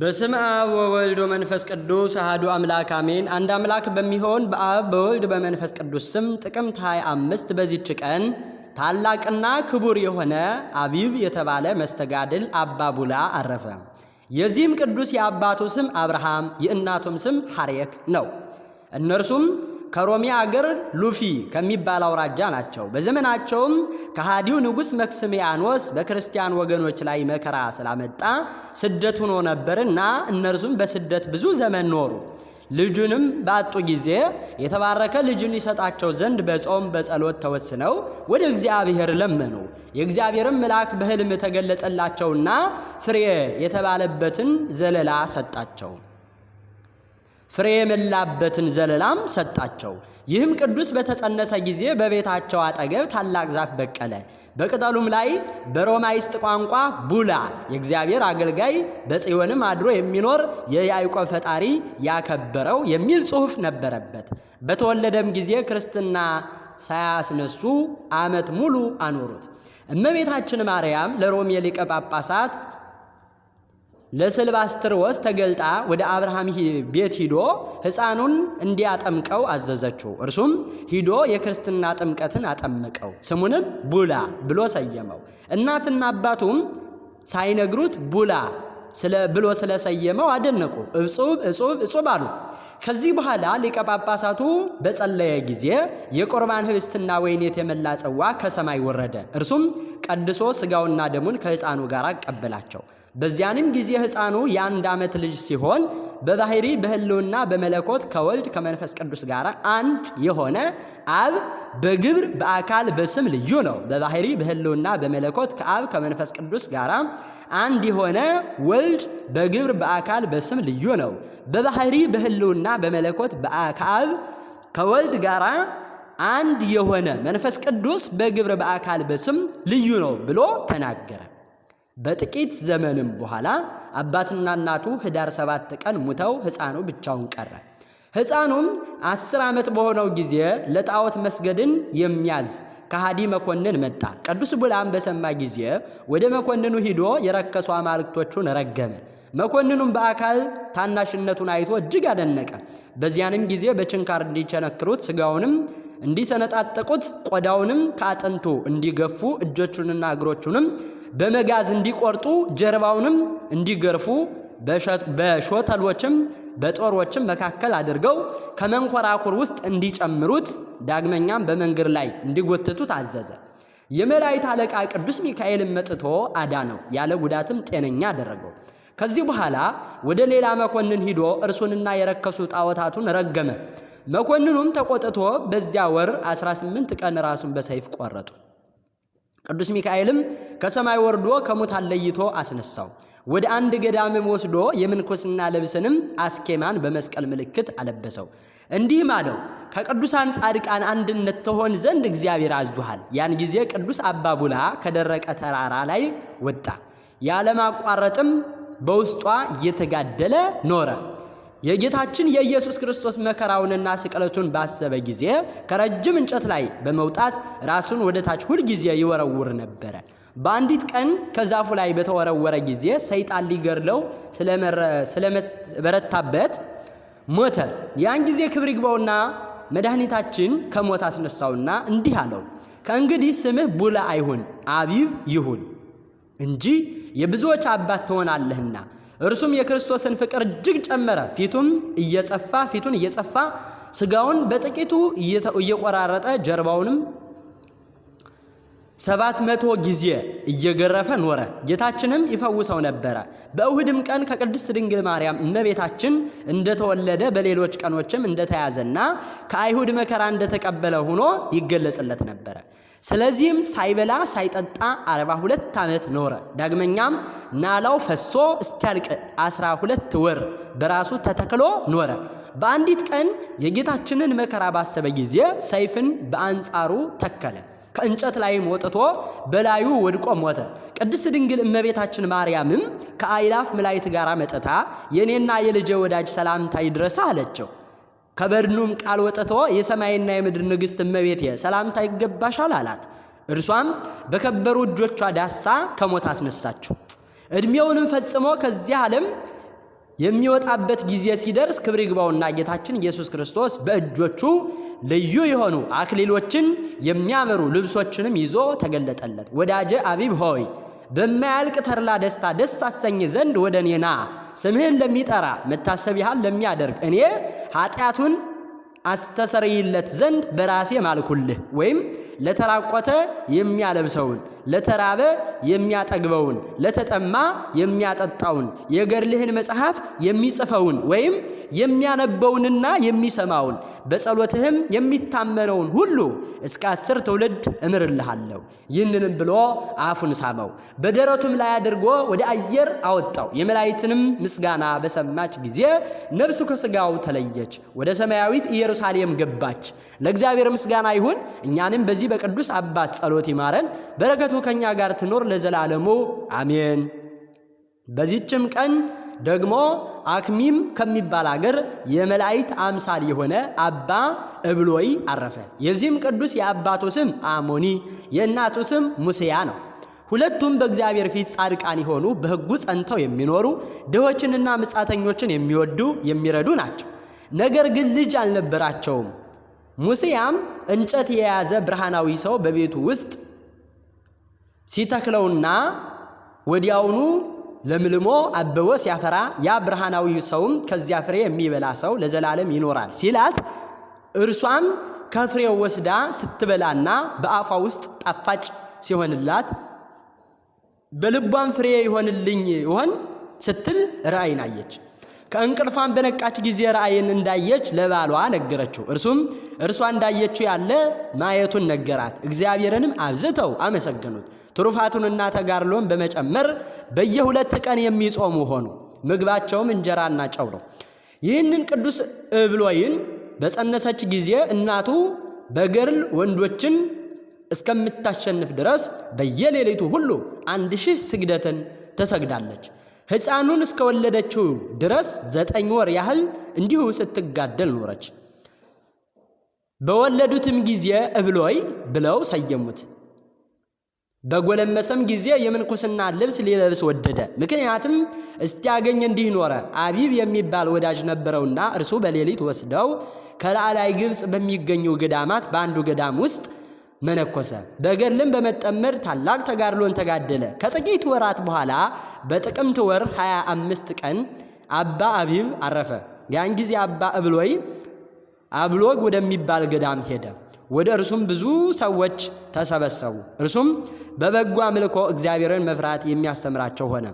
በስም አብ ወወልድ ወመንፈስ ቅዱስ አህዱ አምላክ አሜን። አንድ አምላክ በሚሆን በአብ በወልድ በመንፈስ ቅዱስ ስም ጥቅምት 25 በዚች ቀን ታላቅና ክቡር የሆነ አቢብ የተባለ መስተጋድል አባቡላ አረፈ። የዚህም ቅዱስ የአባቱ ስም አብርሃም የእናቱም ስም ሐርየክ ነው። እነርሱም ከሮሚ አገር ሉፊ ከሚባል አውራጃ ናቸው። በዘመናቸውም ከሃዲው ንጉሥ መክስሚያኖስ በክርስቲያን ወገኖች ላይ መከራ ስላመጣ ስደት ሆኖ ነበርና እነርሱም በስደት ብዙ ዘመን ኖሩ። ልጁንም ባጡ ጊዜ የተባረከ ልጅን ይሰጣቸው ዘንድ በጾም በጸሎት ተወስነው ወደ እግዚአብሔር ለመኑ። የእግዚአብሔርም መልአክ በሕልም ተገለጠላቸውና ፍሬ የተባለበትን ዘለላ ሰጣቸው። ፍሬ የሞላበትን ዘለላም ሰጣቸው። ይህም ቅዱስ በተጸነሰ ጊዜ በቤታቸው አጠገብ ታላቅ ዛፍ በቀለ። በቅጠሉም ላይ በሮማይስጥ ቋንቋ ቡላ፣ የእግዚአብሔር አገልጋይ በጽዮንም አድሮ የሚኖር የያዕቆብ ፈጣሪ ያከበረው የሚል ጽሑፍ ነበረበት። በተወለደም ጊዜ ክርስትና ሳያስነሱ ዓመት ሙሉ አኖሩት። እመቤታችን ማርያም ለሮም የሊቀ ጳጳሳት ወስ ተገልጣ ወደ አብርሃም ቤት ሂዶ ሕፃኑን እንዲያጠምቀው አዘዘችው። እርሱም ሂዶ የክርስትና ጥምቀትን አጠመቀው። ስሙንም ቡላ ብሎ ሰየመው። እናትና አባቱም ሳይነግሩት ቡላ ብሎ ስለሰየመው አደነቁ። እጹብ እጹብ እጹብ አሉ። ከዚህ በኋላ ሊቀ ጳጳሳቱ በጸለየ ጊዜ የቁርባን ህብስትና ወይን የተመላ ጽዋ ከሰማይ ወረደ። እርሱም ቀድሶ ስጋውና ደሙን ከህፃኑ ጋር አቀበላቸው። በዚያንም ጊዜ ህፃኑ የአንድ ዓመት ልጅ ሲሆን በባህሪ በህልውና በመለኮት ከወልድ ከመንፈስ ቅዱስ ጋር አንድ የሆነ አብ በግብር በአካል በስም ልዩ ነው። በባህሪ በህልውና በመለኮት ከአብ ከመንፈስ ቅዱስ ጋር አንድ የሆነ ወልድ በግብር በአካል በስም ልዩ ነው። በባህሪ በህልውና በመለኮት ከአብ ከወልድ ጋር አንድ የሆነ መንፈስ ቅዱስ በግብር በአካል በስም ልዩ ነው ብሎ ተናገረ። በጥቂት ዘመንም በኋላ አባትና እናቱ ህዳር ሰባት ቀን ሙተው ሕፃኑ ብቻውን ቀረ። ሕፃኑም አስር ዓመት በሆነው ጊዜ ለጣዖት መስገድን የሚያዝ ከሃዲ መኮንን መጣ። ቅዱስ ብላም በሰማ ጊዜ ወደ መኮንኑ ሂዶ የረከሱ አማልክቶቹን ረገመ። መኮንኑም በአካል ታናሽነቱን አይቶ እጅግ አደነቀ። በዚያንም ጊዜ በችንካር እንዲቸነክሩት፣ ስጋውንም እንዲሰነጣጠቁት፣ ቆዳውንም ከአጥንቱ እንዲገፉ፣ እጆቹንና እግሮቹንም በመጋዝ እንዲቆርጡ፣ ጀርባውንም እንዲገርፉ በሾተሎችም በጦሮችም መካከል አድርገው ከመንኮራኩር ውስጥ እንዲጨምሩት ዳግመኛም በመንገድ ላይ እንዲጎትቱት አዘዘ። የመላእክት አለቃ ቅዱስ ሚካኤልን መጥቶ አዳነው፣ ያለ ጉዳትም ጤነኛ አደረገው። ከዚህ በኋላ ወደ ሌላ መኮንን ሂዶ እርሱንና የረከሱ ጣዖታቱን ረገመ። መኮንኑም ተቆጥቶ በዚያ ወር 18 ቀን ራሱን በሰይፍ ቆረጡ። ቅዱስ ሚካኤልም ከሰማይ ወርዶ ከሙታን ለይቶ አስነሳው። ወደ አንድ ገዳምም ወስዶ የምንኩስና ልብስንም አስኬማን በመስቀል ምልክት አለበሰው። እንዲህም አለው ከቅዱሳን ጻድቃን አንድነት ተሆን ዘንድ እግዚአብሔር አዙሃል። ያን ጊዜ ቅዱስ አባ ቡላ ከደረቀ ተራራ ላይ ወጣ። ያለማቋረጥም በውስጧ እየተጋደለ ኖረ። የጌታችን የኢየሱስ ክርስቶስ መከራውንና ስቅለቱን ባሰበ ጊዜ ከረጅም እንጨት ላይ በመውጣት ራሱን ወደ ታች ሁልጊዜ ይወረውር ነበረ። በአንዲት ቀን ከዛፉ ላይ በተወረወረ ጊዜ ሰይጣን ሊገድለው ስለበረታበት ሞተ። ያን ጊዜ ክብር ይግባውና መድኃኒታችን ከሞት አስነሳውና እንዲህ አለው፣ ከእንግዲህ ስምህ ቡላ አይሁን አቢብ ይሁን እንጂ የብዙዎች አባት ትሆናለህና። እርሱም የክርስቶስን ፍቅር እጅግ ጨመረ። ፊቱም እየጸፋ ፊቱን እየጸፋ ስጋውን በጥቂቱ እየቆራረጠ ጀርባውንም ሰባት መቶ ጊዜ እየገረፈ ኖረ። ጌታችንም ይፈውሰው ነበረ። በእሁድም ቀን ከቅድስት ድንግል ማርያም እመቤታችን እንደተወለደ በሌሎች ቀኖችም እንደተያዘና ከአይሁድ መከራ እንደተቀበለ ሆኖ ይገለጽለት ነበረ። ስለዚህም ሳይበላ ሳይጠጣ አርባ ሁለት ዓመት ኖረ። ዳግመኛም ናላው ፈሶ እስኪያልቅ አስራ ሁለት ወር በራሱ ተተክሎ ኖረ። በአንዲት ቀን የጌታችንን መከራ ባሰበ ጊዜ ሰይፍን በአንጻሩ ተከለ። ከእንጨት ላይም ወጥቶ በላዩ ወድቆ ሞተ። ቅድስት ድንግል እመቤታችን ማርያምም ከአይላፍ መላእክት ጋር መጥታ የእኔና የልጄ ወዳጅ ሰላምታ ይድረሳ አለችው። ከበድኑም ቃል ወጥቶ የሰማይና የምድር ንግሥት እመቤቴ ሰላምታ ይገባሻል አላት። እርሷም በከበሩ እጆቿ ዳሳ ከሞት አስነሳችው። እድሜውንም ፈጽሞ ከዚህ ዓለም የሚወጣበት ጊዜ ሲደርስ ክብር ይግባውና ጌታችን ኢየሱስ ክርስቶስ በእጆቹ ልዩ የሆኑ አክሊሎችን የሚያምሩ ልብሶችንም ይዞ ተገለጠለት። ወዳጀ አቢብ ሆይ በማያልቅ ተርላ ደስታ ደስ አሰኝ ዘንድ ወደ ስምህን ለሚጠራ መታሰቢያህን ለሚያደርግ እኔ ኃጢአቱን አስተሰርይለት ዘንድ በራሴ ማልኩልህ ወይም ለተራቆተ የሚያለብሰውን ለተራበ የሚያጠግበውን ለተጠማ የሚያጠጣውን የገድልህን መጽሐፍ የሚጽፈውን ወይም የሚያነበውንና የሚሰማውን በጸሎትህም የሚታመነውን ሁሉ እስከ አስር ትውልድ እምርልሃለሁ። ይህንንም ብሎ አፉን ሳመው፣ በደረቱም ላይ አድርጎ ወደ አየር አወጣው። የመላእክትንም ምስጋና በሰማች ጊዜ ነፍሱ ከስጋው ተለየች፣ ወደ ሰማያዊት ኢየሩሳሌም ገባች። ለእግዚአብሔር ምስጋና ይሁን። እኛንም በዚህ በቅዱስ አባት ጸሎት ይማረን፣ በረከቱ ከእኛ ጋር ትኖር ለዘላለሙ አሜን። በዚችም ቀን ደግሞ አክሚም ከሚባል አገር የመላእክት አምሳል የሆነ አባ እብሎይ አረፈ። የዚህም ቅዱስ የአባቱ ስም አሞኒ የእናቱ ስም ሙሴያ ነው። ሁለቱም በእግዚአብሔር ፊት ጻድቃን የሆኑ በሕጉ ጸንተው የሚኖሩ ድሆችንና ምጻተኞችን የሚወዱ የሚረዱ ናቸው። ነገር ግን ልጅ አልነበራቸውም። ሙሴያም እንጨት የያዘ ብርሃናዊ ሰው በቤቱ ውስጥ ሲተክለውና ወዲያውኑ ለምልሞ አበቦ ሲያፈራ ያ ብርሃናዊ ሰውም ከዚያ ፍሬ የሚበላ ሰው ለዘላለም ይኖራል ሲላት እርሷም ከፍሬው ወስዳ ስትበላና በአፏ ውስጥ ጣፋጭ ሲሆንላት በልቧም ፍሬ ይሆንልኝ ይሆን ስትል ራእይን አየች። ከእንቅልፏን በነቃች ጊዜ ራእይን እንዳየች ለባሏ ነገረችው። እርሱም እርሷ እንዳየችው ያለ ማየቱን ነገራት። እግዚአብሔርንም አብዝተው አመሰገኑት። ትሩፋቱንና ተጋድሎን በመጨመር በየሁለት ቀን የሚጾሙ ሆኑ። ምግባቸውም እንጀራና ጨው ነው። ይህንን ቅዱስ እብሎይን በጸነሰች ጊዜ እናቱ በገርል ወንዶችን እስከምታሸንፍ ድረስ በየሌሊቱ ሁሉ አንድ ሺህ ስግደትን ትሰግዳለች። ሕፃኑን እስከወለደችው ድረስ ዘጠኝ ወር ያህል እንዲሁ ስትጋደል ኖረች። በወለዱትም ጊዜ እብሎይ ብለው ሰየሙት። በጎለመሰም ጊዜ የምንኩስና ልብስ ሊለብስ ወደደ። ምክንያቱም እስቲያገኝ እንዲህ ኖረ። አቢብ የሚባል ወዳጅ ነበረውና እርሱ በሌሊት ወስደው ከላዕላይ ግብፅ በሚገኙ ገዳማት በአንዱ ገዳም ውስጥ መነኮሰ። በገድልም በመጠመድ ታላቅ ተጋድሎን ተጋደለ። ከጥቂት ወራት በኋላ በጥቅምት ወር 25 ቀን አባ አቢብ አረፈ። ያን ጊዜ አባ እብሎይ አብሎግ ወደሚባል ገዳም ሄደ። ወደ እርሱም ብዙ ሰዎች ተሰበሰቡ። እርሱም በበጎ አምልኮ እግዚአብሔርን መፍራት የሚያስተምራቸው ሆነ።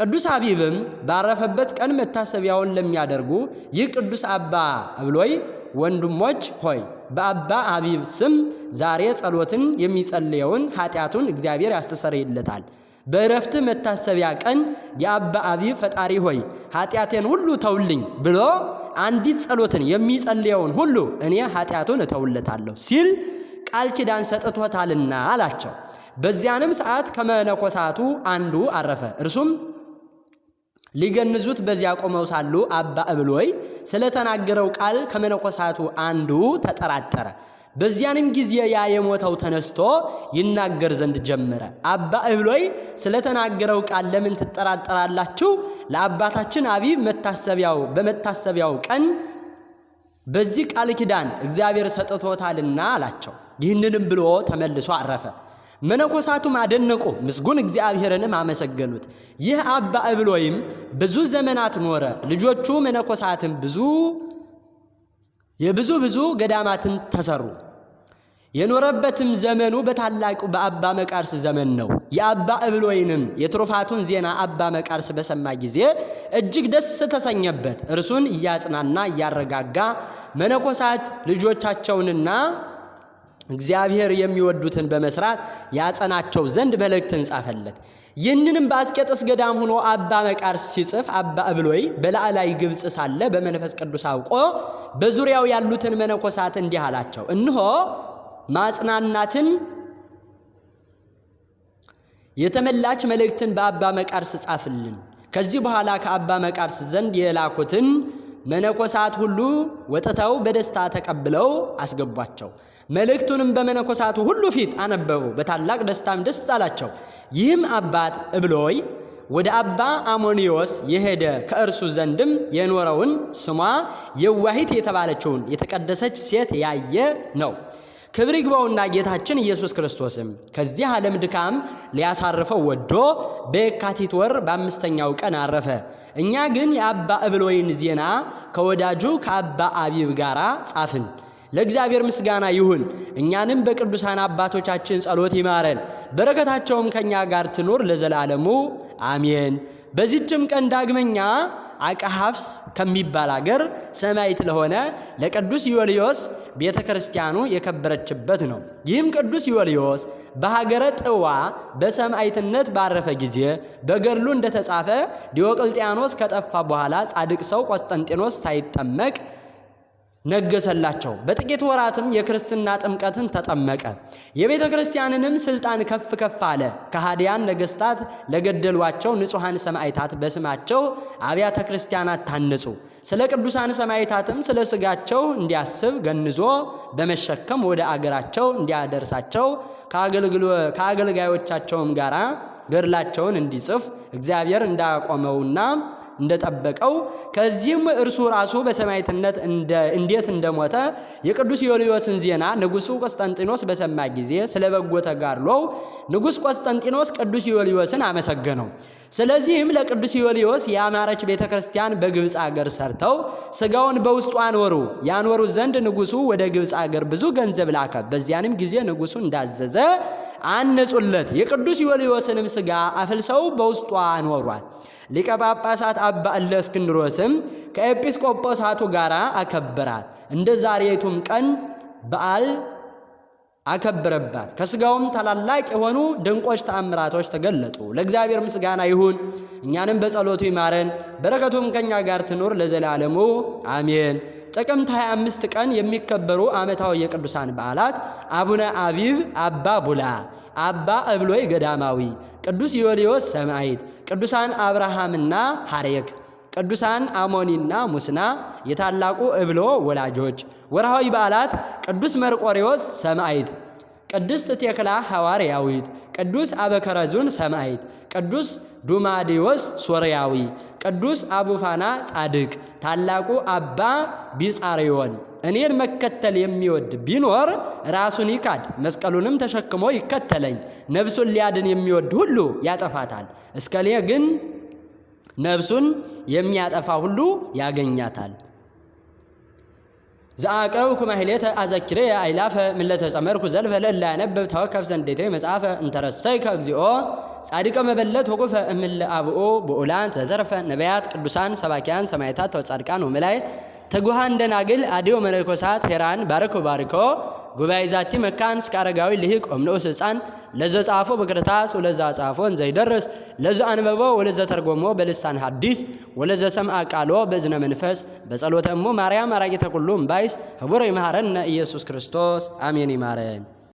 ቅዱስ አቢብም ባረፈበት ቀን መታሰቢያውን ለሚያደርጉ ይህ ቅዱስ አባ እብሎይ ወንድሞች ሆይ በአባ አቢብ ስም ዛሬ ጸሎትን የሚጸልየውን ኃጢአቱን እግዚአብሔር ያስተሰርይለታል። በእረፍት መታሰቢያ ቀን የአባ አቢብ ፈጣሪ ሆይ ኃጢአቴን ሁሉ ተውልኝ ብሎ አንዲት ጸሎትን የሚጸልየውን ሁሉ እኔ ኃጢአቱን እተውለታለሁ ሲል ቃል ኪዳን ሰጥቶታልና አላቸው። በዚያንም ሰዓት ከመነኮሳቱ አንዱ አረፈ። እርሱም ሊገንዙት በዚያ ቆመው ሳሉ አባ እብሎይ ስለተናገረው ቃል ከመነኮሳቱ አንዱ ተጠራጠረ። በዚያንም ጊዜ ያ የሞተው ተነስቶ ይናገር ዘንድ ጀመረ። አባ እብሎይ ስለተናገረው ቃል ለምን ትጠራጠራላችሁ? ለአባታችን አቢብ መታሰቢያው በመታሰቢያው ቀን በዚህ ቃል ኪዳን እግዚአብሔር ሰጥቶታልና አላቸው። ይህንንም ብሎ ተመልሶ አረፈ። መነኮሳቱም አደነቁ፣ ምስጉን እግዚአብሔርንም አመሰገኑት። ይህ አባ እብሎይም ብዙ ዘመናት ኖረ። ልጆቹ መነኮሳትም ብዙ የብዙ ብዙ ገዳማትን ተሰሩ። የኖረበትም ዘመኑ በታላቁ በአባ መቃርስ ዘመን ነው። የአባ እብሎይንም የትሩፋቱን ዜና አባ መቃርስ በሰማ ጊዜ እጅግ ደስ ተሰኘበት። እርሱን እያጽናና እያረጋጋ መነኮሳት ልጆቻቸውንና እግዚአብሔር የሚወዱትን በመስራት ያጸናቸው ዘንድ መልእክትን ጻፈለት። ይህንንም በአስቄጥስ ገዳም ሆኖ አባ መቃርስ ሲጽፍ አባ እብሎይ በላዕላይ ግብፅ ሳለ በመንፈስ ቅዱስ አውቆ በዙሪያው ያሉትን መነኮሳት እንዲህ አላቸው፣ እንሆ ማጽናናትን የተመላች መልእክትን በአባ መቃርስ ጻፍልን። ከዚህ በኋላ ከአባ መቃርስ ዘንድ የላኩትን መነኮሳት ሁሉ ወጥተው በደስታ ተቀብለው አስገቧቸው። መልእክቱንም በመነኮሳቱ ሁሉ ፊት አነበቡ። በታላቅ ደስታም ደስ አላቸው። ይህም አባት እብሎይ ወደ አባ አሞኒዮስ የሄደ ከእርሱ ዘንድም የኖረውን ስሟ የዋሂት የተባለችውን የተቀደሰች ሴት ያየ ነው። ክብር ይግባውና ጌታችን ኢየሱስ ክርስቶስም ከዚህ ዓለም ድካም ሊያሳርፈው ወዶ በየካቲት ወር በአምስተኛው ቀን አረፈ። እኛ ግን የአባ እብሎይን ዜና ከወዳጁ ከአባ አቢብ ጋር ጻፍን። ለእግዚአብሔር ምስጋና ይሁን። እኛንም በቅዱሳን አባቶቻችን ጸሎት ይማረን፣ በረከታቸውም ከእኛ ጋር ትኑር ለዘላለሙ አሜን። በዚህችም ቀን ዳግመኛ አቀሐፍስ ከሚባል አገር ሰማዕት ለሆነ ለቅዱስ ዮልዮስ ቤተ ክርስቲያኑ የከበረችበት ነው። ይህም ቅዱስ ዮልዮስ በሀገረ ጥዋ በሰማዕትነት ባረፈ ጊዜ በገድሉ እንደተጻፈ ዲዮቅልጥያኖስ ከጠፋ በኋላ ጻድቅ ሰው ቆስጠንጢኖስ ሳይጠመቅ ነገሰላቸው። በጥቂት ወራትም የክርስትና ጥምቀትን ተጠመቀ። የቤተ ክርስቲያንንም ስልጣን ከፍ ከፍ አለ። ከሃዲያን ነገስታት ለገደሏቸው ንጹሐን ሰማዕታት በስማቸው አብያተ ክርስቲያናት ታነጹ። ስለ ቅዱሳን ሰማዕታትም ስለ ስጋቸው እንዲያስብ ገንዞ በመሸከም ወደ አገራቸው እንዲያደርሳቸው ከአገልጋዮቻቸውም ጋር ገድላቸውን እንዲጽፍ እግዚአብሔር እንዳቆመውና እንደጠበቀው ከዚህም እርሱ ራሱ በሰማዕትነት እንዴት እንደሞተ የቅዱስ ዮልዮስን ዜና ንጉሱ ቆስጠንጢኖስ በሰማ ጊዜ ስለ በጎ ተጋድሎው ንጉሥ ቆስጠንጢኖስ ቅዱስ ዮልዮስን አመሰገነው። ስለዚህም ለቅዱስ ዮልዮስ የአማረች ቤተ ክርስቲያን በግብፅ አገር ሰርተው ስጋውን በውስጡ አኖሩ። ያኖሩ ዘንድ ንጉሱ ወደ ግብፅ አገር ብዙ ገንዘብ ላከ። በዚያንም ጊዜ ንጉሱ እንዳዘዘ አነጹለት። የቅዱስ ዮልዮስንም ስጋ አፍልሰው በውስጧ አንወሯል። ሊቀ ጳጳሳት አባ እለእስክንድሮስም ከኤጲስቆጶሳቱ ጋር አከበራት። እንደ ዛሬቱም ቀን በዓል አከበረባት። ከስጋውም ታላላቅ የሆኑ ድንቆች ተአምራቶች ተገለጡ። ለእግዚአብሔር ምስጋና ይሁን፣ እኛንም በጸሎቱ ይማረን፣ በረከቱም ከኛ ጋር ትኑር ለዘላለሙ አሜን። ጥቅምት 25 ቀን የሚከበሩ ዓመታዊ የቅዱሳን በዓላት አቡነ አቢብ፣ አባ ቡላ፣ አባ እብሎይ ገዳማዊ፣ ቅዱስ ዮልዮስ ሰማዕት፣ ቅዱሳን አብርሃምና ሐሬክ ቅዱሳን አሞኒና ሙስና የታላቁ እብሎ ወላጆች። ወርሃዊ በዓላት ቅዱስ መርቆሪዎስ ሰማዕት፣ ቅድስት ቴክላ ሐዋርያዊት፣ ቅዱስ አበከረዙን ሰማዕት፣ ቅዱስ ዱማዲዮስ ሶርያዊ፣ ቅዱስ አቡፋና ጻድቅ፣ ታላቁ አባ ቢጻሪዮን። እኔን መከተል የሚወድ ቢኖር ራሱን ይካድ መስቀሉንም ተሸክሞ ይከተለኝ። ነፍሱን ሊያድን የሚወድ ሁሉ ያጠፋታል። እስከኔ ግን ነፍሱን የሚያጠፋ ሁሉ ያገኛታል። ዘአቀብኩ ማሕሌተ አዘኪሬየ አእላፈ ምለተ ጸመርኩ ዘልፈ ለእለ ያነብብ ተወከፍ ዘንዴቴ መጽሐፈ እንተረሰይከ እግዚኦ ጻድቀ መበለት ወጉፈ እምለ አብኡ ብኡላን ዘተረፈ ነቢያት ቅዱሳን ሰባኪያን ሰማዕታት ወጻድቃን ወመላእክት ተጉሃን ደናግል አዲዮ መነኮሳት ሄራን ባረኮ ባርኮ ጉባኤ ዛቲ መካን እስከ አረጋዊ ልሂቅ እምንዑስ ህፃን ለዘ ጻፎ በክርታስ ወለዛ ጻፎ እንዘይደርስ ለዘ አንበቦ ወለዘ ተርጎሞ በልሳን ሐዲስ ወለዘ ሰምአ ቃሎ በእዝነ መንፈስ በጸሎተ ማርያም አራቂተ ኩሉ እምባይስ ህቡረ ይመሃረነ ኢየሱስ ክርስቶስ አሜን ይማረን።